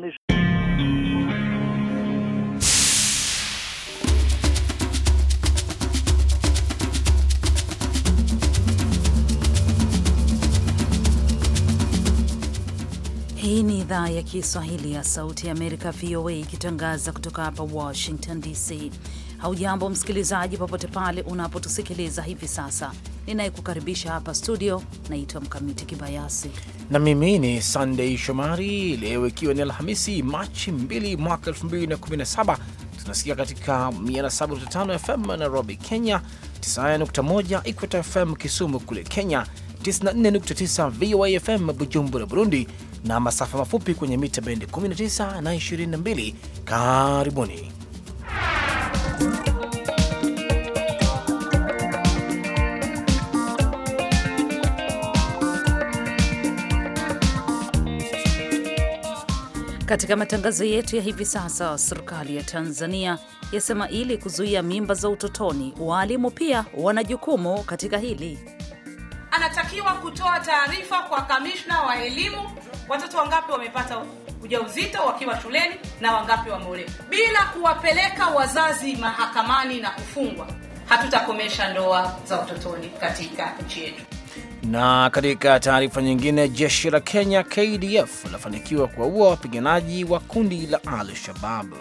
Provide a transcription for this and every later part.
Hii ni idhaa ya Kiswahili ya Sauti ya Amerika, VOA, ikitangaza kutoka hapa Washington DC. Haujambo msikilizaji, popote pale unapotusikiliza hivi sasa ninayekukaribisha hapa studio naitwa Mkamiti Kibayasi na mimi ni Sandei Shomari. Leo ikiwa ni Alhamisi, Machi 2 mwaka 2017, tunasikia katika 107.5 FM Nairobi, Kenya, 91 Equator FM Kisumu kule Kenya, 94.9 VOA FM Bujumbura, Burundi, na masafa mafupi kwenye mita bendi 19 na 22. Karibuni Katika matangazo yetu ya hivi sasa, serikali ya Tanzania yasema ili kuzuia mimba za utotoni, waalimu pia wana jukumu katika hili. Anatakiwa kutoa taarifa kwa kamishna wa elimu, watoto wangapi wamepata ujauzito wakiwa shuleni na wangapi wameolewa, bila kuwapeleka wazazi mahakamani na kufungwa. Hatutakomesha ndoa za utotoni katika nchi yetu. Na katika taarifa nyingine, jeshi la Kenya KDF linafanikiwa kuwaua wapiganaji wa kundi la Al-Shabab.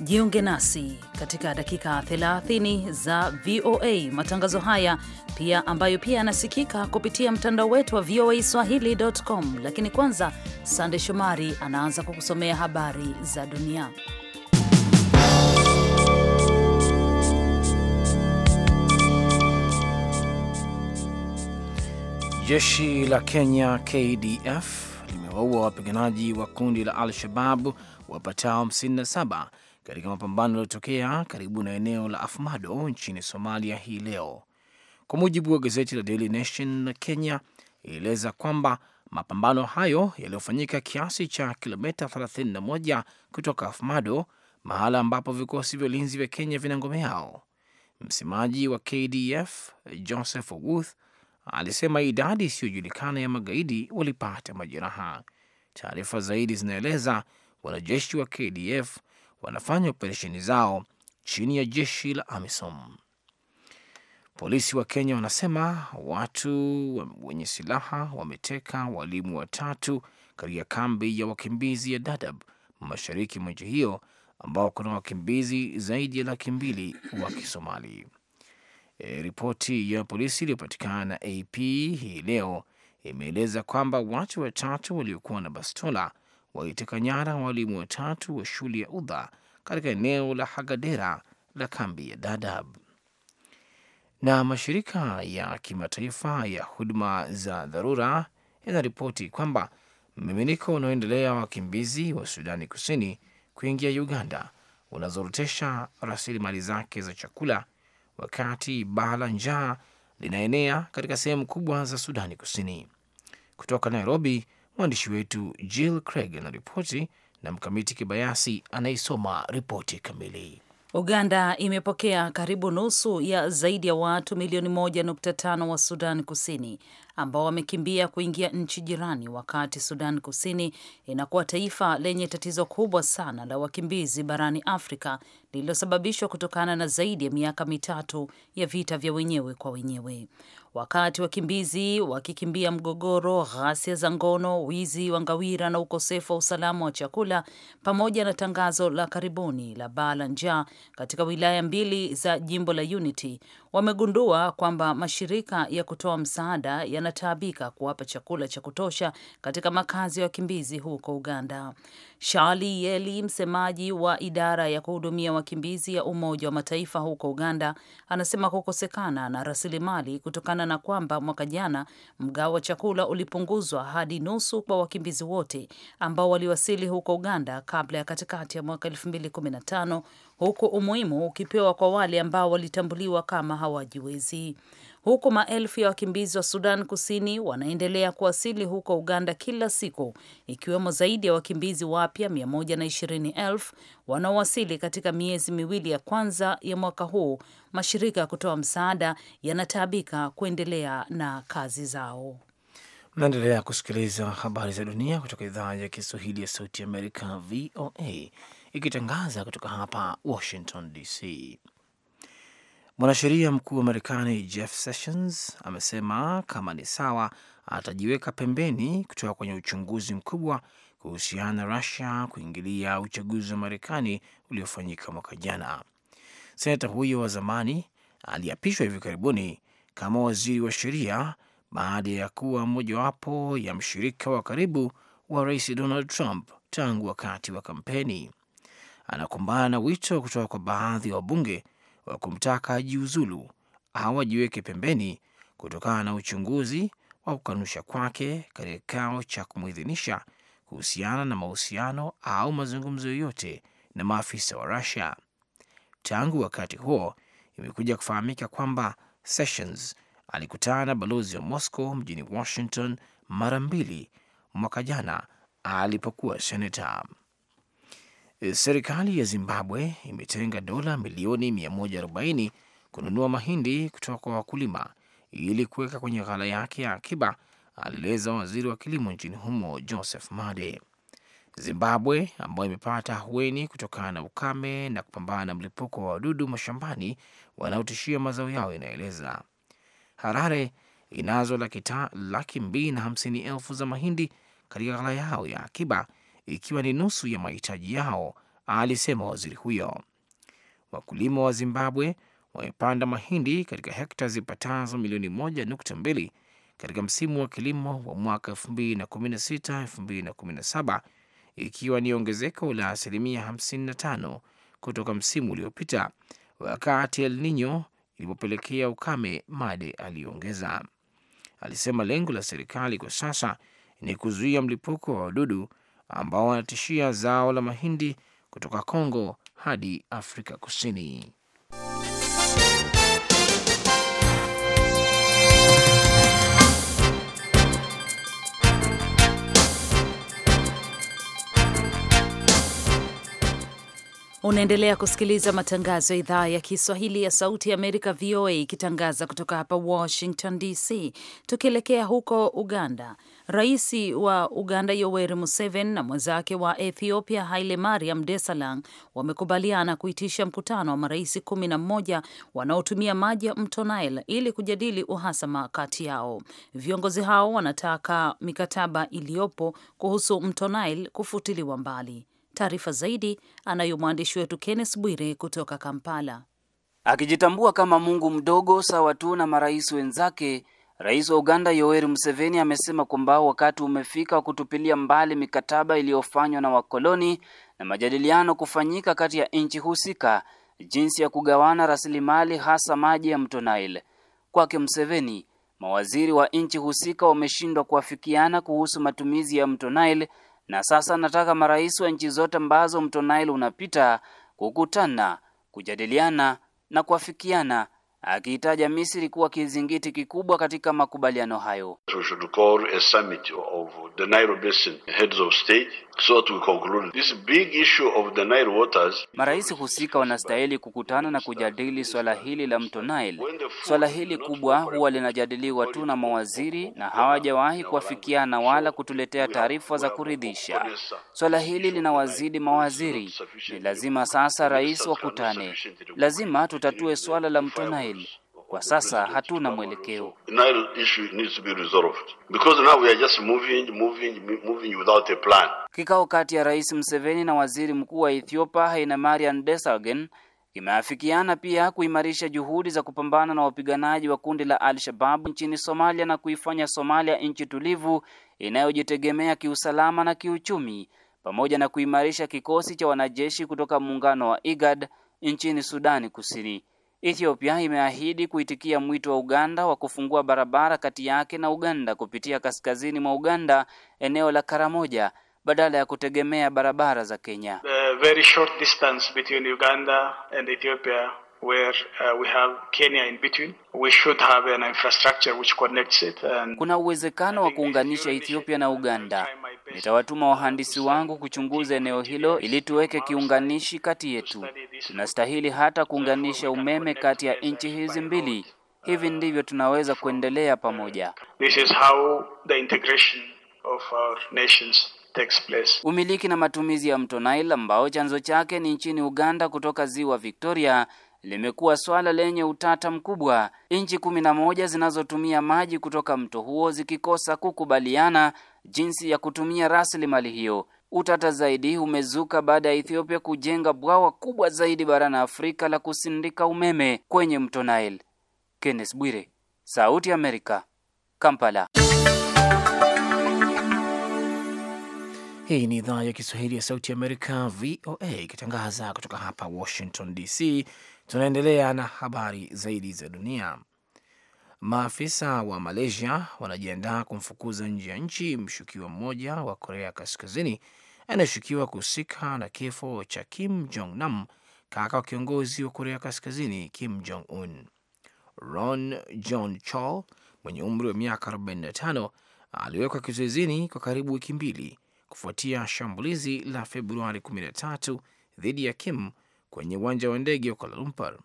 Jiunge nasi katika dakika 30 za VOA matangazo haya pia ambayo pia yanasikika kupitia mtandao wetu wa VOA Swahili.com. Lakini kwanza, Sande Shomari anaanza kukusomea habari za dunia. Jeshi la Kenya KDF limewaua wapiganaji wa kundi la Al-Shababu wapatao 57 katika mapambano yaliyotokea karibu na eneo la Afmado nchini Somalia hii leo, kwa mujibu wa gazeti la Daily Nation la Kenya. Ilieleza kwamba mapambano hayo yaliyofanyika kiasi cha kilomita 31 kutoka Afmado, mahala ambapo vikosi vya ulinzi vya Kenya vina ngome yao. Msemaji wa KDF Joseph Oguth alisema idadi isiyojulikana ya magaidi walipata majeraha. Taarifa zaidi zinaeleza wanajeshi wa KDF wanafanya operesheni zao chini ya jeshi la AMISOM. Polisi wa Kenya wanasema watu wenye silaha wameteka walimu watatu katika kambi ya wakimbizi ya Dadaab mashariki mwa nchi hiyo ambao kuna wakimbizi zaidi ya laki mbili wa Kisomali. E, ripoti ya polisi iliyopatikana na AP hii leo imeeleza kwamba watu watatu waliokuwa na bastola waliteka nyara walimu watatu wa shule ya udha katika eneo la Hagadera la kambi ya dadab Na mashirika ya kimataifa ya huduma za dharura yanaripoti kwamba mmiminiko unaoendelea wa wakimbizi wa Sudani Kusini kuingia Uganda unazorotesha rasilimali zake za chakula wakati baa la njaa linaenea katika sehemu kubwa za Sudani Kusini. Kutoka Nairobi, mwandishi wetu Jill Craig anaripoti na Mkamiti Kibayasi anaisoma ripoti kamili. Uganda imepokea karibu nusu ya zaidi ya watu milioni 15 wa Sudan Kusini ambao wamekimbia kuingia nchi jirani, wakati Sudan Kusini inakuwa taifa lenye tatizo kubwa sana la wakimbizi barani Afrika lililosababishwa kutokana na zaidi ya miaka mitatu ya vita vya wenyewe kwa wenyewe. Wakati wakimbizi wakikimbia mgogoro, ghasia za ngono, wizi wa ngawira na ukosefu wa usalama wa chakula, pamoja na tangazo la karibuni la baa la njaa katika wilaya mbili za jimbo la Unity, wamegundua kwamba mashirika ya kutoa msaada ya yanataabika kuwapa chakula cha kutosha katika makazi ya wa wakimbizi huko Uganda. Shali Yeli, msemaji wa idara ya kuhudumia wakimbizi ya Umoja wa Mataifa huko Uganda, anasema kukosekana na rasilimali kutokana na kwamba mwaka jana mgao wa chakula ulipunguzwa hadi nusu kwa wakimbizi wote ambao waliwasili huko Uganda kabla ya katikati ya mwaka 2015 huku umuhimu ukipewa kwa wale ambao walitambuliwa kama hawajiwezi huku maelfu ya wakimbizi wa Sudan Kusini wanaendelea kuwasili huko Uganda kila siku, ikiwemo zaidi ya wakimbizi wapya 120,000 wanaowasili katika miezi miwili ya kwanza ya mwaka huu. Mashirika ya kutoa msaada yanataabika kuendelea na kazi zao. Mnaendelea kusikiliza habari za dunia kutoka idhaa ya Kiswahili ya Sauti Amerika, VOA, ikitangaza kutoka hapa Washington DC. Mwanasheria mkuu wa Marekani Jeff Sessions amesema kama ni sawa, atajiweka pembeni kutoka kwenye uchunguzi mkubwa kuhusiana na Rusia kuingilia uchaguzi wa Marekani uliofanyika mwaka jana. Senata huyo wa zamani aliapishwa hivi karibuni kama waziri wa sheria baada ya kuwa mojawapo ya mshirika wa karibu wa rais Donald Trump tangu wakati wa kampeni. Anakumbana na wito kutoka kwa baadhi ya wa wabunge wa kumtaka ajiuzulu au ajiweke pembeni kutokana na uchunguzi wa kukanusha kwake katika kikao cha kumwidhinisha kuhusiana na mahusiano au mazungumzo yoyote na maafisa wa Rusia. Tangu wakati huo imekuja kufahamika kwamba Sessions alikutana na balozi wa Moscow mjini Washington mara mbili mwaka jana alipokuwa senata. E, serikali ya Zimbabwe imetenga dola milioni 140 kununua mahindi kutoka kwa wakulima ili kuweka kwenye ghala yake ya akiba, alieleza waziri wa kilimo nchini humo Joseph Made. Zimbabwe ambayo imepata ahueni kutokana na ukame na kupambana na mlipuko wa wadudu mashambani wanaotishia mazao yao, inaeleza. Harare inazo laki mbili na hamsini elfu za mahindi katika ghala yao ya akiba ikiwa ni nusu ya mahitaji yao, alisema waziri huyo. Wakulima wa Zimbabwe wamepanda mahindi katika hekta zipatazo milioni moja nukta mbili katika msimu wa kilimo wa mwaka 2016 ikiwa ni ongezeko la asilimia 55 kutoka msimu uliopita wakati El Nino ilipopelekea ukame. Made aliongeza, alisema lengo la serikali kwa sasa ni kuzuia mlipuko wa wadudu ambao wanatishia zao la mahindi kutoka Kongo hadi Afrika Kusini. Unaendelea kusikiliza matangazo ya idhaa ya Kiswahili ya Sauti ya Amerika, VOA, ikitangaza kutoka hapa Washington DC. Tukielekea huko Uganda, rais wa Uganda Yoweri Museveni na mwenzake wa Ethiopia Haile Mariam Desalegn wamekubaliana kuitisha mkutano wa marais kumi na mmoja wanaotumia maji ya mto Nile ili kujadili uhasama kati yao. Viongozi hao wanataka mikataba iliyopo kuhusu mto Nile kufutiliwa mbali. Taarifa zaidi anayo mwandishi wetu Kenneth Bwire kutoka Kampala. Akijitambua kama Mungu mdogo sawa tu na marais wenzake, Rais wa Uganda Yoweri Museveni amesema kwamba wakati umefika wa kutupilia mbali mikataba iliyofanywa na wakoloni na majadiliano kufanyika kati ya nchi husika jinsi ya kugawana rasilimali hasa maji ya mto Nile. Kwake Museveni, mawaziri wa nchi husika wameshindwa kuafikiana kuhusu matumizi ya mto Nile na sasa nataka marais wa nchi zote ambazo mto Nile unapita kukutana, kujadiliana na kuafikiana akiitaja Misri kuwa kizingiti kikubwa katika makubaliano hayo. Marais husika wanastahili kukutana na kujadili swala hili la mto Nile. Swala hili kubwa huwa linajadiliwa tu na mawaziri na hawajawahi kuafikiana wala kutuletea taarifa za kuridhisha. Swala hili linawazidi mawaziri. Ni lazima sasa rais wakutane, lazima tutatue swala la mto Nile. Nile. Kwa sasa hatuna mwelekeo. Kikao kati ya Rais Museveni na Waziri Mkuu wa Ethiopia marian Desalegn kimeafikiana pia kuimarisha juhudi za kupambana na wapiganaji wa kundi la Al-Shabaab nchini Somalia na kuifanya Somalia nchi tulivu inayojitegemea kiusalama na kiuchumi pamoja na kuimarisha kikosi cha wanajeshi kutoka muungano wa IGAD nchini Sudani Kusini. Ethiopia imeahidi kuitikia mwito wa Uganda wa kufungua barabara kati yake na Uganda kupitia kaskazini mwa Uganda eneo la Karamoja badala ya kutegemea barabara za Kenya. The very short distance between Uganda and Ethiopia where uh, we have Kenya in between. We should have an infrastructure which connects it and kuna uwezekano wa kuunganisha Ethiopia na Uganda. Nitawatuma wahandisi wangu kuchunguza eneo hilo ili tuweke kiunganishi kati yetu. Tunastahili hata kuunganisha umeme kati ya nchi hizi mbili. Hivi uh, ndivyo tunaweza kuendelea pamoja. This is how the integration of our nations takes place. Umiliki na matumizi ya mto Nile ambao chanzo chake ni nchini Uganda kutoka ziwa Victoria limekuwa swala lenye utata mkubwa, nchi kumi na moja zinazotumia maji kutoka mto huo zikikosa kukubaliana jinsi ya kutumia rasilimali hiyo. Utata zaidi umezuka baada ya Ethiopia kujenga bwawa kubwa zaidi barani Afrika la kusindika umeme kwenye mto Nile. Kenneth Bwire, Sauti ya Amerika, Kampala. Hii ni idhaa ya Kiswahili ya Sauti ya Amerika, VOA, ikitangaza kutoka hapa Washington DC. Tunaendelea na habari zaidi za dunia. Maafisa wa Malaysia wanajiandaa kumfukuza nje ya nchi mshukiwa mmoja wa Korea Kaskazini anayeshukiwa kuhusika na kifo cha Kim Jong Nam, kaka wa kiongozi wa Korea Kaskazini Kim Jong Un. Ron John Chol mwenye umri wa miaka 45 aliwekwa kizuizini kwa karibu wiki mbili kufuatia shambulizi la Februari 13 dhidi ya Kim kwenye uwanja wa ndege wa Kuala Lumpur.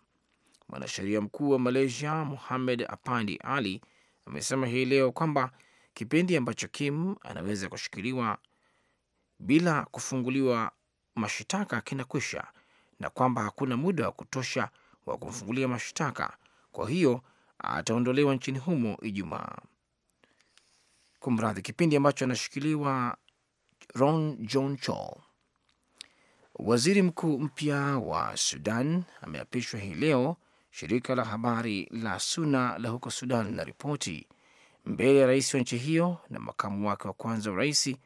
Mwanasheria mkuu wa Malaysia Muhamed Apandi Ali amesema hii leo kwamba kipindi ambacho Kim anaweza kushikiliwa bila kufunguliwa mashtaka kinakwisha na kwamba hakuna muda wa kutosha wa kumfungulia mashtaka, kwa hiyo ataondolewa nchini humo Ijumaa. Kumradhi, kipindi ambacho anashikiliwa Ron John Chol Waziri mkuu mpya wa Sudan ameapishwa hii leo, shirika la habari la Suna la huko Sudan ripoti mbele ya rais wa nchi hiyo na makamu wake wa kwanza wa rais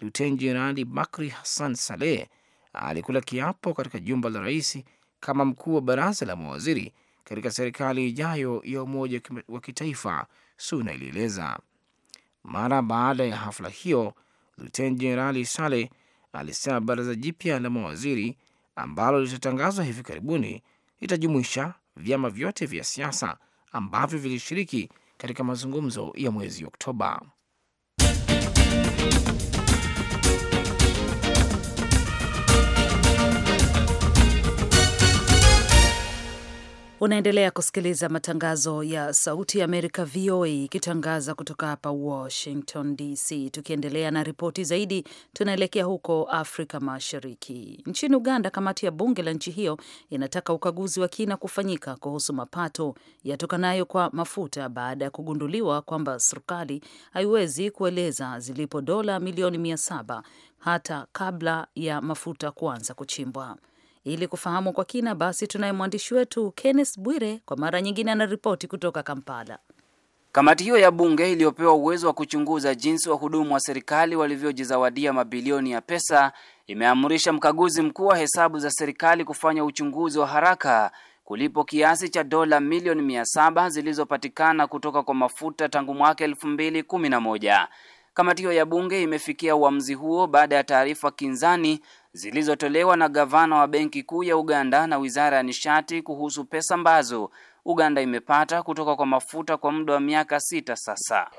Luten Jenerali Bakri Hassan Saleh alikula kiapo katika jumba la rais kama mkuu wa baraza la mawaziri katika serikali ijayo ya umoja wa kitaifa, Suna ilieleza. Mara baada ya hafla hiyo, Luten Jenerali Saleh alisema baraza jipya la mawaziri ambalo litatangazwa hivi karibuni litajumuisha vyama vyote vya siasa ambavyo vilishiriki katika mazungumzo ya mwezi Oktoba. Unaendelea kusikiliza matangazo ya Sauti ya Amerika, VOA, ikitangaza kutoka hapa Washington DC. Tukiendelea na ripoti zaidi, tunaelekea huko Afrika Mashariki. Nchini Uganda, kamati ya bunge la nchi hiyo inataka ukaguzi wa kina kufanyika kuhusu mapato yatokanayo kwa mafuta baada ya kugunduliwa kwamba serikali haiwezi kueleza zilipo dola milioni mia saba hata kabla ya mafuta kuanza kuchimbwa. Ili kufahamu kwa kina, basi tunaye mwandishi wetu Kenneth Bwire, kwa mara nyingine anaripoti kutoka Kampala. Kamati hiyo ya bunge iliyopewa uwezo wa kuchunguza jinsi wahudumu wa serikali walivyojizawadia mabilioni ya pesa imeamrisha mkaguzi mkuu wa hesabu za serikali kufanya uchunguzi wa haraka kulipo kiasi cha dola milioni mia saba zilizopatikana kutoka kwa mafuta tangu mwaka elfu mbili kumi na moja. Kamati hiyo ya bunge imefikia uamuzi huo baada ya taarifa kinzani zilizotolewa na gavana wa Benki Kuu ya Uganda na Wizara ya Nishati kuhusu pesa ambazo Uganda imepata kutoka kwa mafuta kwa muda wa miaka sita sasa.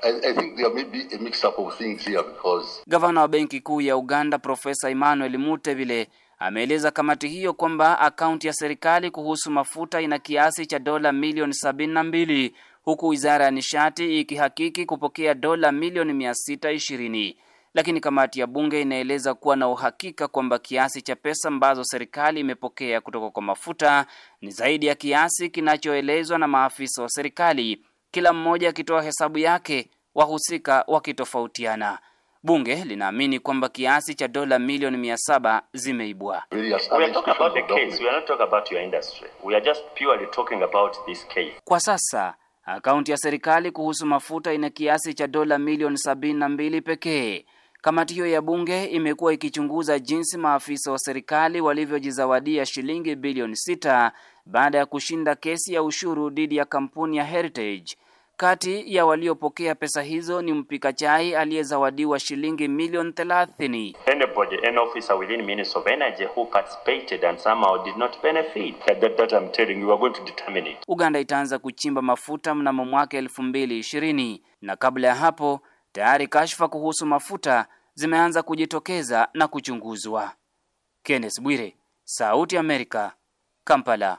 Gavana wa Benki Kuu ya Uganda Profesa Emmanuel Mutevile ameeleza kamati hiyo kwamba akaunti ya serikali kuhusu mafuta ina kiasi cha dola milioni sabini na mbili huku wizara ya nishati ikihakiki kupokea dola milioni 620 lakini kamati ya bunge inaeleza kuwa na uhakika kwamba kiasi cha pesa ambazo serikali imepokea kutoka kwa mafuta ni zaidi ya kiasi kinachoelezwa na maafisa wa serikali, kila mmoja akitoa hesabu yake, wahusika wakitofautiana. Bunge linaamini kwamba kiasi cha dola milioni mia saba zimeibwa. Kwa sasa Akaunti ya serikali kuhusu mafuta ina kiasi cha dola milioni mbili pekee. Kamati hiyo ya bunge imekuwa ikichunguza jinsi maafisa wa serikali walivyojizawadia shilingi bilioni 6 baada ya kushinda kesi ya ushuru dhidi ya kampuni ya Heritage kati ya waliopokea pesa hizo ni mpika chai aliyezawadiwa shilingi milioni 30. Anybody, an officer within Ministry of Energy who participated and somehow did not benefit. That, that, that I'm telling you, we are going to determine it. Uganda itaanza kuchimba mafuta mnamo mwaka 2020 na kabla ya hapo tayari kashfa kuhusu mafuta zimeanza kujitokeza na kuchunguzwa. Kenneth Bwire, Sauti Amerika, Kampala.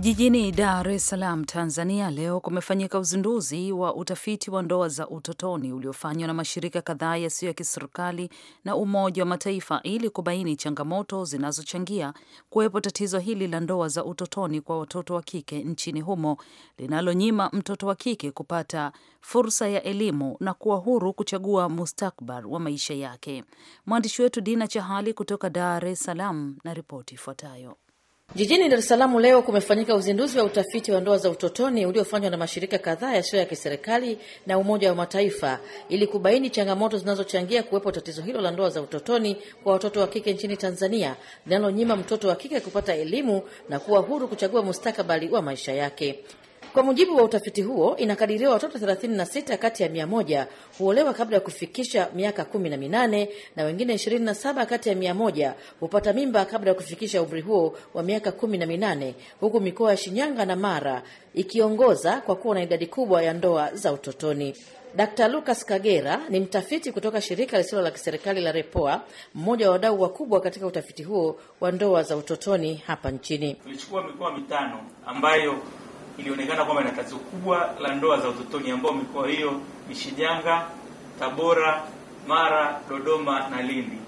Jijini Dar es Salaam, Tanzania, leo kumefanyika uzinduzi wa utafiti wa ndoa za utotoni uliofanywa na mashirika kadhaa yasiyo ya kiserikali na Umoja wa Mataifa ili kubaini changamoto zinazochangia kuwepo tatizo hili la ndoa za utotoni kwa watoto wa kike nchini humo, linalonyima mtoto wa kike kupata fursa ya elimu na kuwa huru kuchagua mustakbal wa maisha yake. Mwandishi wetu Dina Chahali kutoka Dar es Salaam na ripoti ifuatayo. Jijini Dar es Salaam leo kumefanyika uzinduzi wa utafiti wa ndoa za utotoni uliofanywa na mashirika kadhaa yasiyo ya kiserikali na Umoja wa Mataifa ili kubaini changamoto zinazochangia kuwepo tatizo hilo la ndoa za utotoni kwa watoto wa kike nchini Tanzania, linalonyima mtoto wa kike kupata elimu na kuwa huru kuchagua mustakabali wa maisha yake. Kwa mujibu wa utafiti huo, inakadiriwa watoto 36 kati ya 100 huolewa kabla ya kufikisha miaka 18 na wengine 27 kati ya 100 hupata mimba kabla ya kufikisha umri huo wa miaka 18, huku mikoa ya Shinyanga na Mara ikiongoza kwa kuwa na idadi kubwa ya ndoa za utotoni. Dkt. Lucas Kagera ni mtafiti kutoka shirika lisilo la kiserikali la Repoa, mmoja wa wadau wakubwa katika utafiti huo wa ndoa za utotoni hapa nchini. Tulichukua mikoa mitano ambayo ilionekana kwamba ina tatizo kubwa la ndoa za utotoni ambao mikoa hiyo ni Shinyanga, Tabora, Mara, Dodoma na Lindi,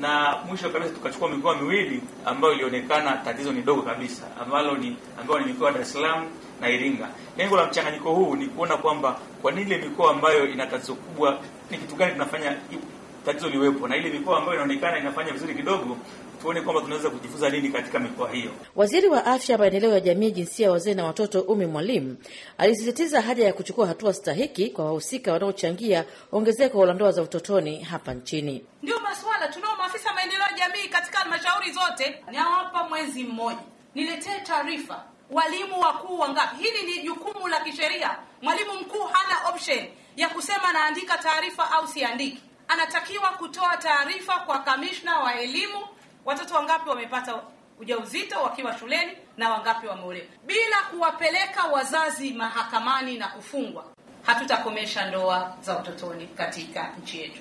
na mwisho kabisa tukachukua mikoa miwili ambayo ilionekana tatizo ni dogo kabisa, ambalo ni ambayo ni mikoa ya Dar es Salaam na Iringa. Lengo la mchanganyiko huu ni kuona kwamba kwa nini ile mikoa ambayo ina tatizo kubwa, ni kitu gani tunafanya tatizo liwepo, na ile mikoa ambayo inaonekana inafanya vizuri kidogo, tuone kwamba tunaweza kujifunza nini katika mikoa hiyo. Waziri wa Afya, Maendeleo ya Jamii, Jinsia ya Wazee na Watoto, Umi Mwalimu, alisisitiza haja ya kuchukua hatua stahiki kwa wahusika wanaochangia ongezeko la ndoa za utotoni hapa nchini. Ndio maswala tunao maafisa maendeleo ya jamii katika halmashauri zote, nawapa mwezi mmoja niletee taarifa walimu wakuu wangapi. Hili ni jukumu la kisheria. Mwalimu mkuu hana option ya kusema naandika taarifa au siandiki, anatakiwa kutoa taarifa kwa kamishna wa elimu watoto wangapi wamepata ujauzito wakiwa shuleni na wangapi wameolewa. Bila kuwapeleka wazazi mahakamani na kufungwa, hatutakomesha ndoa za utotoni katika nchi yetu.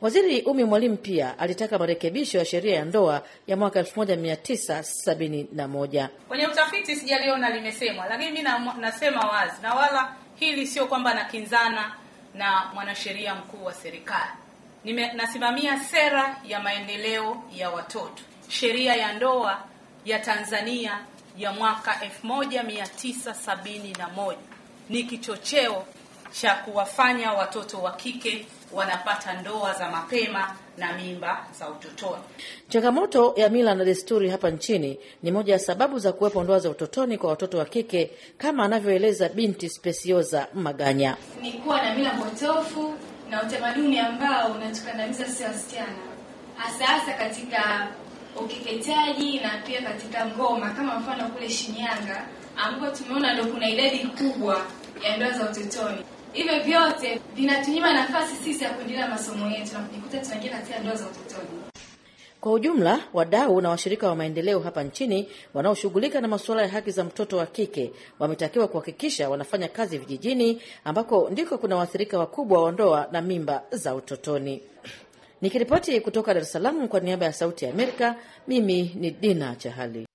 Waziri Umi Mwalimu pia alitaka marekebisho ya sheria ya ndoa ya mwaka 1971. Kwenye utafiti sijaliona limesemwa, lakini mi nasema wazi, na wala hili sio kwamba nakinzana na mwanasheria mkuu wa serikali nime, nasimamia sera ya maendeleo ya watoto, sheria ya ndoa ya Tanzania ya mwaka 1971 ni kichocheo cha kuwafanya watoto wa kike wanapata ndoa za mapema na mimba za utotoni. Changamoto ya mila na desturi hapa nchini ni moja ya sababu za kuwepo ndoa za utotoni kwa watoto wa kike, kama anavyoeleza binti Spesioza Maganya. ni kuwa na mila potofu na utamaduni ambao unatukandamiza sisi wasichana, hasa hasa katika ukeketaji na pia katika ngoma, kama mfano kule Shinyanga ambapo tumeona ndio kuna idadi kubwa ya ndoa za utotoni. Hivyo vyote vinatunyima nafasi sisi ya kuendelea masomo yetu na kujikuta tunaingia katika ndoa za utotoni. Kwa ujumla, wadau na washirika wa maendeleo hapa nchini wanaoshughulika na masuala ya haki za mtoto wa kike wametakiwa kuhakikisha wanafanya kazi vijijini ambako ndiko kuna waathirika wakubwa wa ndoa na mimba za utotoni. Nikiripoti kutoka Dar es Salaam kwa niaba ya Sauti ya Amerika, mimi ni Dina Chahali.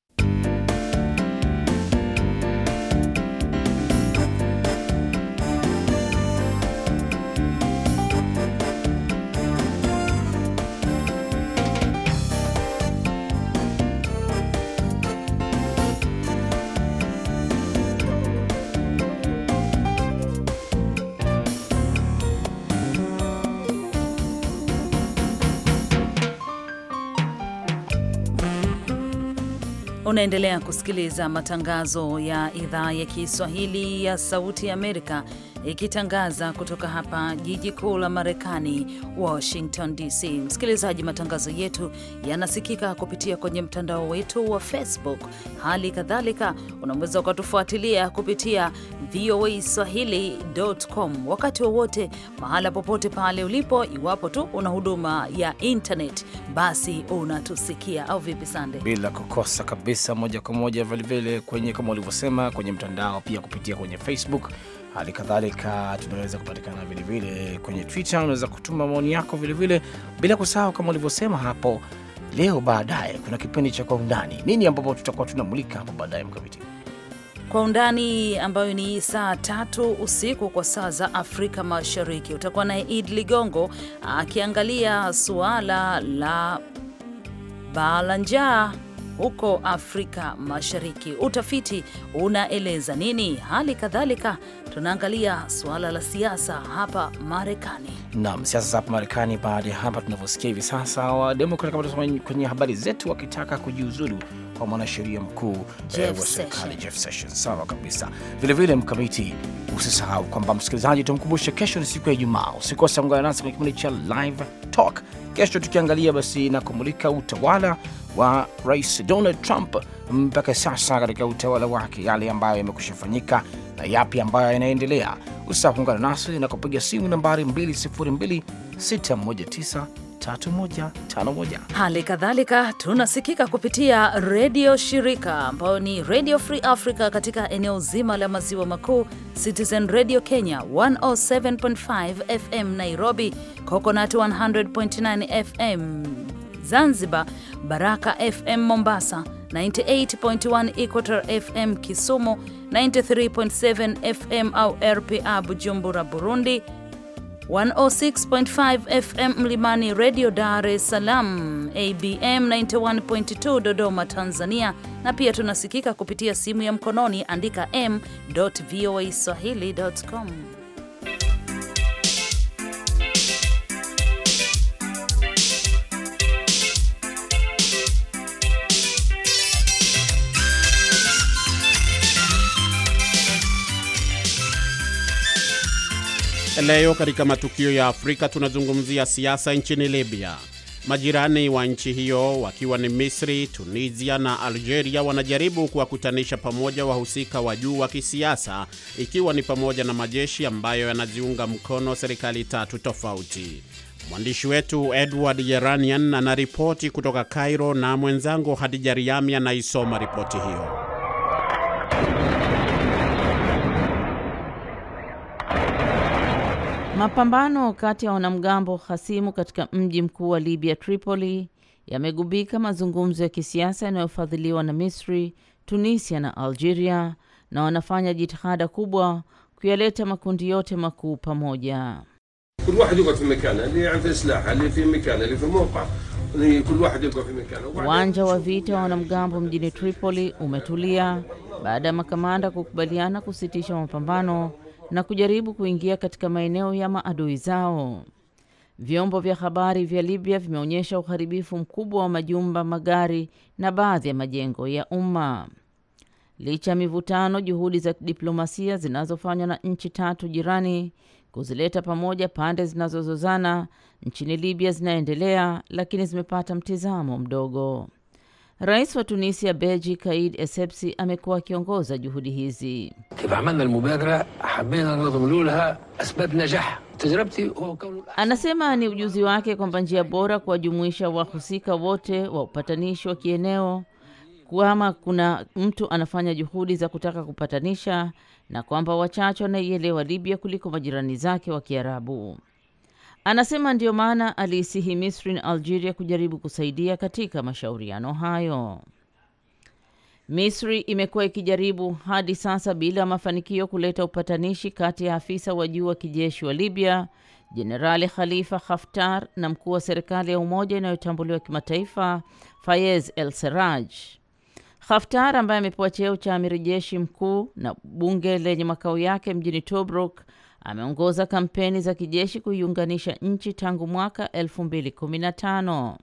Unaendelea kusikiliza matangazo ya idhaa ya Kiswahili ya Sauti ya Amerika ikitangaza kutoka hapa jiji kuu la Marekani, Washington DC. Msikilizaji, matangazo yetu yanasikika kupitia kwenye mtandao wetu wa Facebook. Hali kadhalika unaweza ukatufuatilia kupitia Swahili.com wakati wowote, mahala popote pale ulipo. Iwapo tu una huduma ya internet, basi unatusikia au vipi, Sande? Bila kukosa kabisa, moja kwa moja vilevile kwenye, kama ulivyosema, kwenye mtandao pia kupitia kwenye Facebook Hali kadhalika tunaweza kupatikana vilevile kwenye Twitter, unaweza kutuma maoni yako vilevile, bila kusahau kama ulivyosema hapo. Leo baadaye kuna kipindi cha Kwa Undani nini ambapo tutakuwa tunamulika hapo baadaye, Mkamiti kwa undani ambayo ni saa tatu usiku kwa saa za Afrika Mashariki. Utakuwa naye Id Ligongo akiangalia suala la baa la njaa huko Afrika Mashariki. Utafiti unaeleza nini? Hali kadhalika tunaangalia suala la siasa hapa Marekani. Naam, siasa za hapa Marekani. Baada ya hapa tunavyosikia hivi sasa, Wademokrat kama kwenye habari zetu wakitaka kujiuzulu kwa mwanasheria mkuu eh, wa serikali Jeff Sessions. Sawa kabisa. Vilevile mkamiti, usisahau kwamba msikilizaji, tumkumbushe kesho ni siku ya Ijumaa, usikose ungana nasi kwenye kipindi cha Live Talk kesho, tukiangalia basi na kumulika utawala wa Rais Donald Trump mpaka sasa katika utawala wake, yale ambayo yamekusha fanyika na yapi ambayo yanaendelea. Usisahau kuungana nasi na kupiga simu nambari 22619 3151. Hali kadhalika tunasikika kupitia redio shirika ambayo ni Radio Free Africa katika eneo zima la maziwa makuu, Citizen Radio Kenya 107.5 FM Nairobi, Coconut 100.9 FM Zanzibar, Baraka FM Mombasa, 98.1 Equator FM Kisumu, 93.7 FM au RPA Bujumbura Burundi, 106.5 FM Mlimani Radio Dar es Salaam, ABM 91.2 Dodoma Tanzania, na pia tunasikika kupitia simu ya mkononi andika m.voaswahili.com. Leo katika matukio ya Afrika tunazungumzia siasa nchini Libya. Majirani wa nchi hiyo wakiwa ni Misri, Tunisia na Algeria wanajaribu kuwakutanisha pamoja wahusika wa juu wa kisiasa, ikiwa ni pamoja na majeshi ambayo yanaziunga mkono serikali tatu tofauti. Mwandishi wetu Edward Yeranian anaripoti kutoka Cairo na mwenzangu Hadija Riami anaisoma ripoti hiyo. Mapambano kati ya wanamgambo hasimu katika mji mkuu wa Libya Tripoli yamegubika mazungumzo ya kisiasa yanayofadhiliwa na Misri, Tunisia na Algeria na wanafanya jitihada kubwa kuyaleta makundi yote makuu pamoja. Uwanja wa vita wa wanamgambo mjini Tripoli umetulia baada ya makamanda kukubaliana kusitisha mapambano na kujaribu kuingia katika maeneo ya maadui zao. Vyombo vya habari vya Libya vimeonyesha uharibifu mkubwa wa majumba, magari na baadhi ya majengo ya umma. Licha ya mivutano, juhudi za diplomasia zinazofanywa na nchi tatu jirani kuzileta pamoja pande zinazozozana nchini Libya zinaendelea, lakini zimepata mtizamo mdogo. Rais wa Tunisia Beji Kaid Essebsi amekuwa akiongoza juhudi hizi. Anasema ni ujuzi wake kwamba njia bora kuwajumuisha wahusika wote wa upatanishi wa kieneo kama kuna mtu anafanya juhudi za kutaka kupatanisha na kwamba wachache wanaielewa Libya kuliko majirani zake wa Kiarabu. Anasema ndiyo maana aliisihi Misri na Algeria kujaribu kusaidia katika mashauriano hayo. Misri imekuwa ikijaribu hadi sasa bila mafanikio kuleta upatanishi kati ya afisa wa juu wa kijeshi wa Libya Jenerali Khalifa Haftar na mkuu wa serikali ya umoja inayotambuliwa kimataifa Fayez El Seraj. Haftar ambaye amepewa cheo cha amiri jeshi mkuu na bunge lenye makao yake mjini Tobruk ameongoza kampeni za kijeshi kuiunganisha nchi tangu mwaka 2015.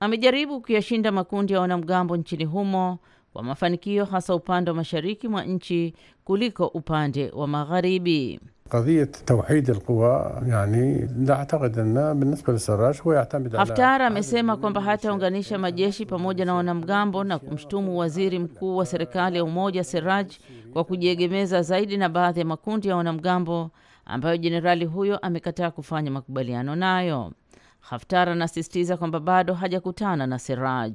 Amejaribu kuyashinda makundi ya wanamgambo nchini humo wa mafanikio hasa upande wa mashariki mwa nchi kuliko upande wa magharibi. Haftar amesema kwamba hataunganisha majeshi pamoja na wanamgambo na kumshutumu waziri mkuu wa serikali ya umoja Seraj kwa kujiegemeza zaidi na baadhi ya makundi ya wanamgambo ambayo jenerali huyo amekataa kufanya makubaliano nayo. Haftar anasisitiza kwamba bado hajakutana na Seraj.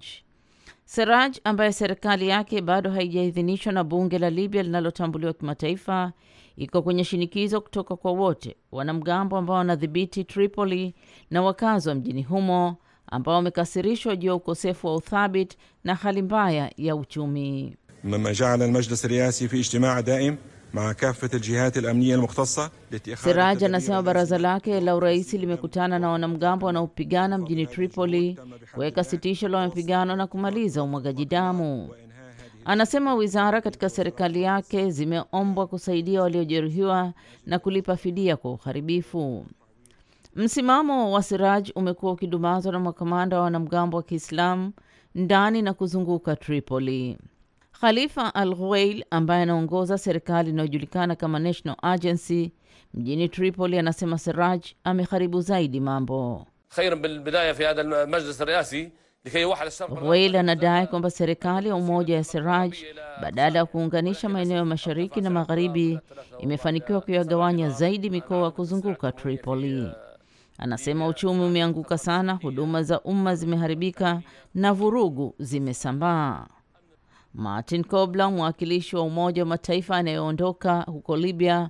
Seraj ambaye serikali yake bado haijaidhinishwa na bunge la Libya linalotambuliwa kimataifa iko kwenye shinikizo kutoka kwa wote wanamgambo ambao wanadhibiti Tripoli na wakazi wa mjini humo ambao wamekasirishwa juu ya ukosefu wa uthabit na hali mbaya ya uchumi mma jaala almajlis riasi fi ijtimaa daim Siraj anasema baraza lake la urais limekutana na wanamgambo wanaopigana mjini Tripoli kuweka sitisho la mapigano na kumaliza umwagaji damu. Anasema wizara katika serikali yake zimeombwa kusaidia waliojeruhiwa na kulipa fidia kwa uharibifu. Msimamo wa Siraj umekuwa ukidumazwa na makamanda wa wanamgambo wa Kiislamu ndani na kuzunguka Tripoli. Khalifa Al Ghueil ambaye anaongoza serikali inayojulikana kama National Agency mjini Tripoli anasema Seraj ameharibu zaidi mambo. Ghueil anadai kwamba serikali ya umoja ya Seraj badala ya kuunganisha maeneo ya mashariki na magharibi imefanikiwa kuyagawanya zaidi mikoa kuzunguka Tripoli. Anasema uchumi umeanguka sana, huduma za umma zimeharibika na vurugu zimesambaa. Martin Kobler, mwakilishi wa Umoja wa Mataifa anayeondoka huko Libya,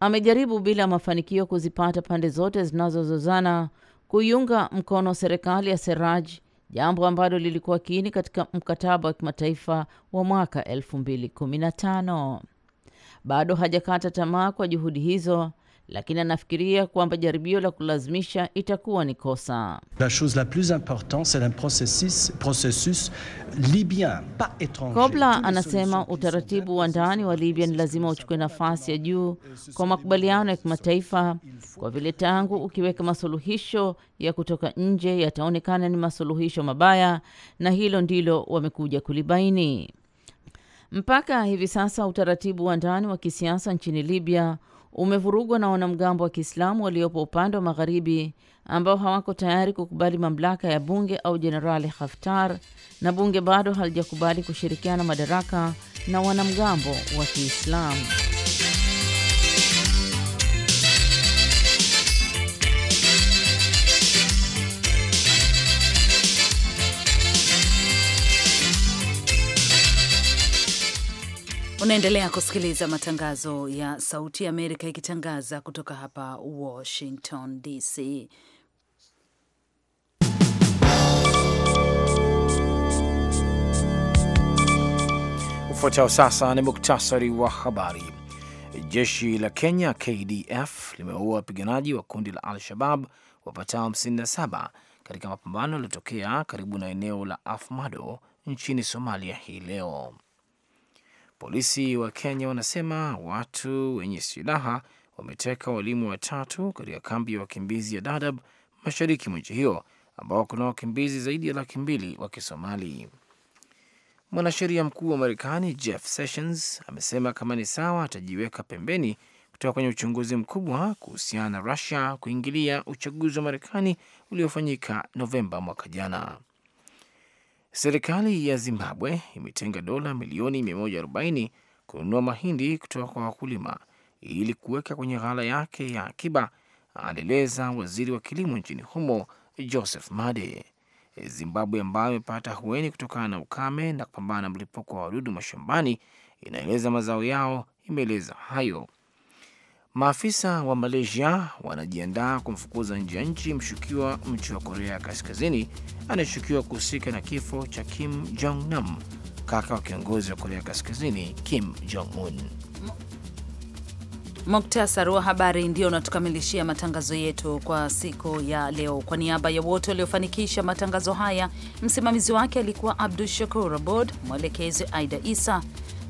amejaribu bila mafanikio kuzipata pande zote zinazozozana kuiunga mkono serikali ya Seraj, jambo ambalo lilikuwa kiini katika mkataba wa kimataifa wa mwaka 2015. Bado hajakata tamaa kwa juhudi hizo lakini anafikiria kwamba jaribio la kulazimisha itakuwa ni kosa. La chose la plus importante c'est un processus, processus libyen pas étranger. Kobla anasema utaratibu wa ndani wa Libya ni lazima uchukue nafasi ya juu kwa makubaliano ya kimataifa, kwa vile tangu ukiweka masuluhisho ya kutoka nje yataonekana ni masuluhisho mabaya, na hilo ndilo wamekuja kulibaini mpaka hivi sasa. Utaratibu wa ndani wa kisiasa nchini Libya umevurugwa na wanamgambo wa Kiislamu waliopo upande wa magharibi ambao hawako tayari kukubali mamlaka ya bunge au Jenerali Haftar, na bunge bado halijakubali kushirikiana madaraka na wanamgambo wa Kiislamu. Unaendelea kusikiliza matangazo ya Sauti ya Amerika ikitangaza kutoka hapa Washington DC. Ufuatao sasa ni muktasari wa habari. Jeshi la Kenya KDF limeua wapiganaji wa kundi la Al-Shabab wapatao 57 katika mapambano yaliyotokea karibu na eneo la Afmado nchini Somalia hii leo. Polisi wa Kenya wanasema watu wenye silaha wameteka walimu watatu katika kambi ya wakimbizi ya Dadaab mashariki mwa nchi hiyo ambao kuna wakimbizi zaidi ya laki mbili wa Kisomali. Mwanasheria mkuu wa Marekani Jeff Sessions amesema kama ni sawa atajiweka pembeni kutoka kwenye uchunguzi mkubwa kuhusiana na Rusia kuingilia uchaguzi wa Marekani uliofanyika Novemba mwaka jana. Serikali ya Zimbabwe imetenga dola milioni 140 kununua mahindi kutoka kwa wakulima ili kuweka kwenye ghala yake ya akiba, alieleza waziri wa kilimo nchini humo Joseph Made. Zimbabwe ambayo imepata hueni kutokana na ukame na kupambana na mlipuko wa wadudu mashambani inaeleza mazao yao, imeeleza hayo Maafisa wa Malaysia wanajiandaa kumfukuza nje ya nchi mshukiwa mchi wa Korea ya Kaskazini anayeshukiwa kuhusika na kifo cha Kim Jong Nam, kaka wa kiongozi wa Korea Kaskazini Kim Jong Un. Muktasari wa habari ndio unatukamilishia matangazo yetu kwa siku ya leo. Kwa niaba ya wote waliofanikisha matangazo haya, msimamizi wake alikuwa Abdu Shakur Abod, mwelekezi Aida Isa.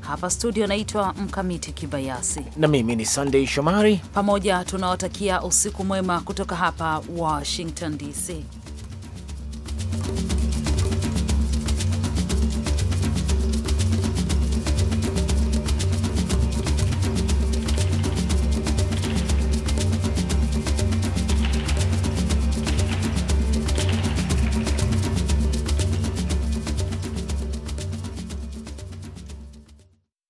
Hapa studio naitwa Mkamiti Kibayasi na mimi ni Sunday Shomari. Pamoja tunawatakia usiku mwema kutoka hapa Washington DC.